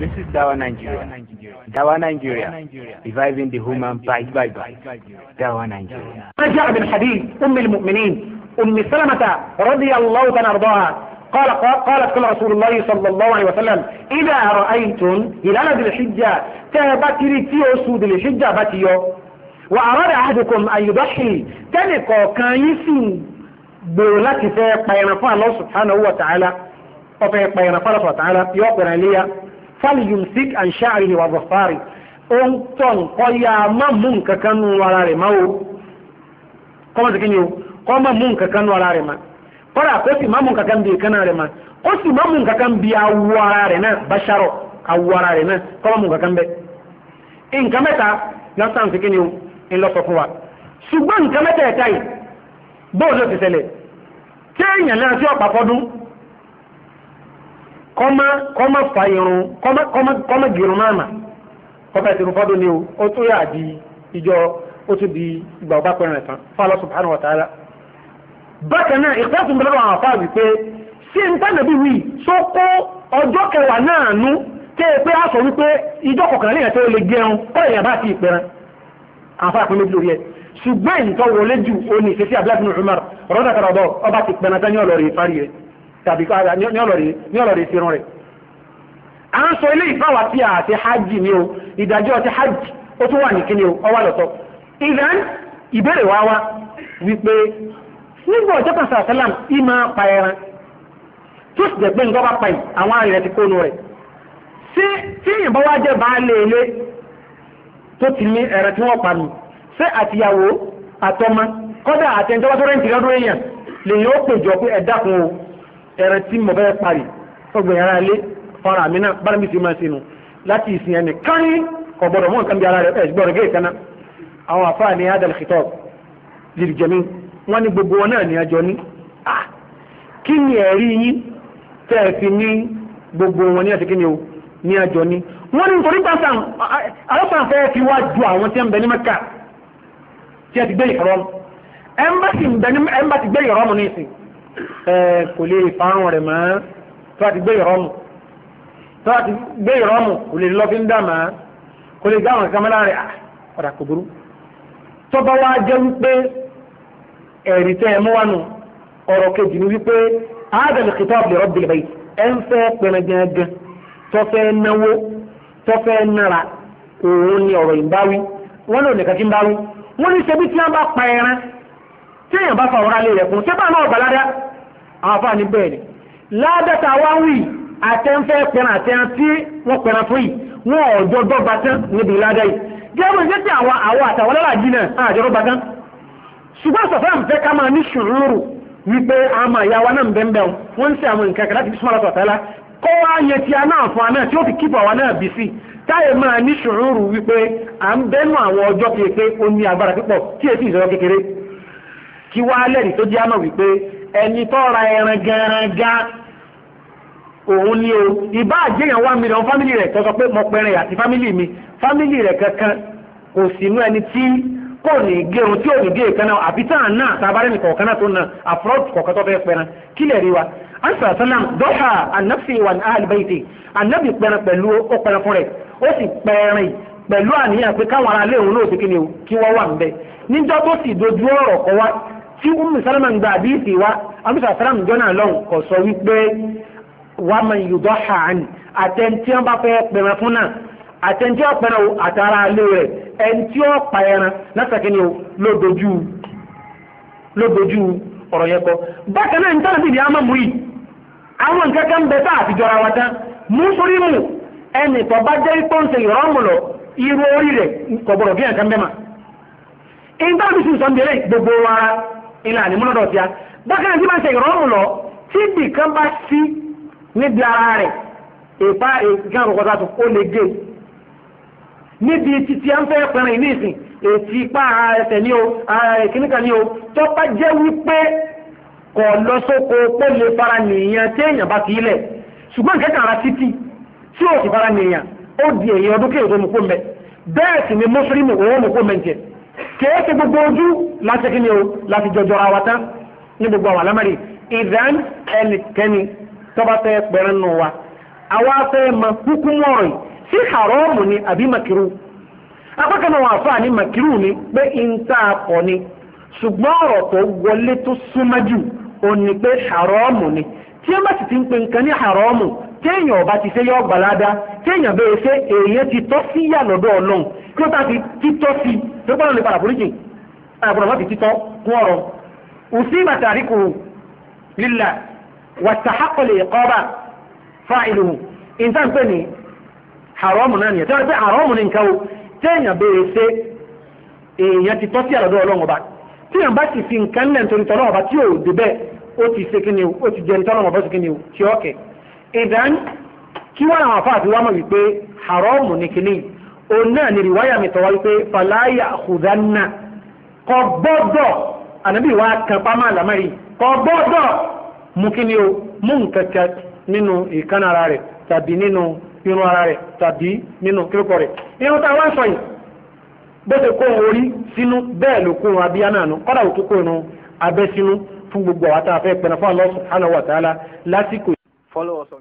This is Dawa Nigeria. Dawa Nigeria. Reviving the human by Bible. Dawa Nigeria. رجع من حديث أم المؤمنين أم سلمة رضي الله عنها أرضاها قال قالت قال رسول الله صلى الله عليه وسلم إذا رأيتم هلال ذي الحجة تابتري في أسود الحجة باتيو وأراد أحدكم أن يضحي تلقى كايسين بولاتي فيق بينا فالله سبحانه وتعالى وفيق بينا فالله سبحانه وتعالى يوقنا ليه fali yumsik an sha'rihi wa dhafari òun tọ̀n ọ̀yà má mú nǹkan kan nù ara rẹ̀ má o kọ́mọ̀tì kí ni o kọ́ má mú nǹkan kan nù ara rẹ̀ má kọ́dà kó sì má mú nǹkan kan bí ìkànnà rẹ̀ má ó sì má mú nǹkan kan bí awọ ara rẹ̀ náà báṣárọ̀ awọ ara rẹ̀ náà kọ́ má mú nǹkan kan bẹ́ẹ̀. nǹkan mẹ́ta lọ́sàn-án ti kí ni o ńlọ́sọ fún wa ṣùgbọ́n nǹkan mẹ́ta ẹ̀ta yìí bóòlù ti ṣẹlẹ̀ téèyàn náà sí ọ̀pá kọ́má kọ́má fa irun kọ́má kọ́má kọ́má gèrún náà mà kọ́fẹ́ ti rúfọ́dún ni o ó tún yà di ìjọ ó tún di ìgbà ọba pẹ̀rẹ̀ rẹ̀ tán fáwọn subhanahu wa ta'ala. bákan náà ìpẹ́sùn bẹ̀rẹ̀ wà fáà wípé sí ń tánàbí wí só kó ọjọ́ kẹwàá náà nú tẹ́ ẹ pé a sọ wípé ìjọ kọkànlá yẹn tó lè gẹrun kọ́ èèyàn bá ti ìpẹ́rẹ́ àǹfààní pé méjì lórí ẹ̀ ṣùgbọ́n ìtọ́wọlé jù ó ní ìṣesí abdullahi bin umar rọ́dàkàrọ̀dọ̀ ọba ti pẹ̀rẹ̀ dání ọ̀lọ́rin ìparí rẹ̀ tàbí ní ọ̀lọ́rẹ̀ ìfirun rẹ̀ a ń sọ ilé ìfáwà tí a ti hajj ni o ìdájọ́ ti hajj ó tún wà ní kíni o ọwá lọ́tọ̀ ìdán ìbéèrè wá wá wípé nígbà ọjọ́ kan sàṣálàm ìmọ̀ pa ẹran tó sì nǹkan pa yìí àwọn ti kónú rẹ̀ ṣé tí ìyìnbọn wá jẹ́ baálé ilé tó ti ní ẹran tí wọ́n pa mi ṣé àtìyàwó àtọmọ kọ́dà tó rẹ̀ ń ẹran tí mo fẹ́ parí fọgbọ̀n yàrá ilé fara mi náà bára mi sì máa sinú láti ìsìn ẹni káyín kò gbọdọ̀ mọ́ nǹkan bí ara rẹ̀ ẹ̀ gbọ́dọ̀ gé ìkaná àwọn àfáà ní adal khitab lil wọn ní gbogbo wọn náà ní àjọ ní kí ni ẹ̀rí yín tẹ́ ẹ fi ní gbogbo wọn ní àti ni o ní àjọ ní wọn ní nítorí pàṣẹ àlọ́sàn fẹ́ fi wá ju àwọn tí ń bẹ ní mẹ́kà tí a ti gbé ìrọ́mù ẹ̀ńbà ti gbé ìrọ́mù ní ìsìn ẹ kò lè farun rẹ̀ mọ́ tó ti gbé ìrọ́mù tó ti gbé ìrọ́mù kò lè lọ fi ń dà kò lè gbá àwọn kamẹ́lá rẹ̀ ah, padà kò burú. tọ́ba wa jẹ́ wípé ẹ̀rí tẹ́ ẹ mú wa nù ọ̀rọ̀ kejì ni wípé àádọ́lù kìtọ́ ni ọ̀rọ̀ ìbáwí lò ń báwí tí èèyàn bá fa ọ̀rá lè rẹ̀ fún náà gbàládá àwọn afá ní bẹ́ẹ̀ ni ládàtà wá wì pẹ̀rẹ̀ àtẹ́ńfẹ́ tí wọ́n pẹ̀rẹ̀ fún yìí wọn ò dọ́gba tán níbi ládá yìí gẹ́gẹ́ bí àwọn àtàwọn náà àjọ dọ́gba tán ṣùgbọ́n sọ̀fẹ́ wa náà bẹ́ẹ̀ wọ́n ṣe àwọn nǹkan láti súnmọ́ tẹ́lá kọ́ yẹ ti a náà fún fi àwa náà bì sí táyé máa ní wípé à ń bẹ́nu àwọn ọjọ́ kéèké ó ní agbára kí wàá lẹ́rìí tó jẹ́ àmọ̀ wípé ẹni tó ẹran gangan òun ni o ìbá àjẹyàn wá mílíọ̀nù fámìlì rẹ̀ kan sọ pé mo pẹ̀rẹ̀ àti fámìlì mi fámìlì rẹ̀ kankan kò sí inú ẹni tí kò ní gẹrun tí ò ní gé ìkan náà àbí táà náà tábàárẹ̀ nìkan ọ̀kan náà tó na àfúrọ́ọ̀tù kọ̀ọ̀kan tó fẹ́ pẹ̀rẹ̀ kí lè rí wa ansa salam dọ́ṣà anafi wa ní alibaiti anabi pẹran pẹ̀lú ó pẹran fún rẹ̀ ó sì pẹrin pẹ̀lú àníyàn pé káwọn aráalé òun náà ó kí ni o kí wọ́n wà ń bẹ níjọ́ tó sì dojú ọ̀rọ̀ kọ wá tí umu salama ń gba àdìsí wa amusa salam jọ́nà lọ́n kò sọ wípé wà á máa yùdọ́ ha ni àtẹ̀ntì wọn bá fẹ́ pẹ̀rẹ̀ fún náà àtẹ̀ntì wọn pẹ̀rẹ̀ àtàrà alẹ́ rẹ̀ ẹ̀ntì wọn pa ẹran lásàkínì o ló dojú ló dojú ọ̀rọ̀ yẹn kọ. bákan náà nítorí bíbí àmọ́ mú yìí àwọn nǹkan kan bẹ tá àtijọ́ ara wa tán mú mu ẹnì tó bá jẹ́ ipò ń ṣe ìrọ́mù lọ irú orí rẹ̀ kọ̀ gbọ́dọ̀ bí nǹkan bẹ́ẹ̀ ma. ìgbà mi sì sọ ilà ní múlọ́dọ̀ tí a bákan tí máa ṣe ìrọ́rùn lọ tí nìkan bá sí níbi ara rẹ̀ èpá ìkan rọ̀kọ̀tà tó ó lè gé níbi títí à ń fẹ́ pẹ̀rin ní ìsìn ètí ipá ara ẹsẹ̀ ní o ara ìkíníkà ní o tó bá jẹ́ wípé kọ̀ lọ sóko pé lè fara nìyẹn téèyàn bá kì í lẹ̀ ṣùgbọ́n ìkẹ́kàn ara títí tí ò sì fara nìyẹn ó di èyí ọdún kéèyàn tó mú kó mẹ́ bẹ́ẹ̀ sì ni mùsùlùmí òun mú kó mẹ́ kéèké gbogbo ojú láti kí o láti jọjọ ra wa tán ní gbogbo àwọn alámàrí ìdán ẹnikẹ́ni tọ́ba fẹ́ pẹ̀rẹ́ nù wa àwa fẹ́ mọ kúkú mọ́rọ̀ yìí sí haramu ni àbí makiru apákan wà fún àní makiru ni pé ìta pọ̀ ni ṣùgbọ́n ọ̀rọ̀ tó wọlé tó ò ní pé haramu ni tí bá ti ń pe nǹkan ní haramu téèyàn ọba ti ṣe yọ téèyàn bẹ́ẹ̀ ṣe kí ló tà sí títọ́ sí tó gbọ́dọ̀ lè padà foríjì àbúrò má fi títọ́ kún ọ̀rọ̀ òsì màtàrí kò lílà wàtàhákọ̀lẹ̀ kọ́ba fáìlù ìtàn pé ní haramu náà nìyẹn tí wọ́n pé haramu ní nǹkan o téèyàn béèrè ṣe èèyàn ti tọ́ sí àlọ́dọ̀ ọlọ́run ọba téèyàn bá sì fi nǹkan lẹ̀ nítorí tọ́lọ́run ọba tí ò dé bẹ́ẹ̀ ó ti ṣe kí ni o ó ti jẹun tọ́lọ́run ọba ṣe kí ni o tí ó ìdán kí wọ́n àwọn afáàfin wá mọ̀ wípé haramu ní kíní òun náà ni rìwáyà mi tọ́wọ́ wípé fàlàyà àkùdánà kò gbọ́dọ̀ ànábì wa kan pamọ́ àlámárì kò gbọ́dọ̀ mú kí ni o mú nǹkan kan nínú ìkànnà ara rẹ̀ tàbí nínú irun ara rẹ̀ tàbí nínú kíríkọ rẹ̀ irun tá a wá sọ yìí bó ṣe kó òun orí sínú bẹ́ẹ̀ ló kó òun abíyá náà nù kọ́dà òtún kó òun abẹ́ sínú fún gbogbo àwọn tá a fẹ́ pẹ̀lú fún Allah subhanahu wa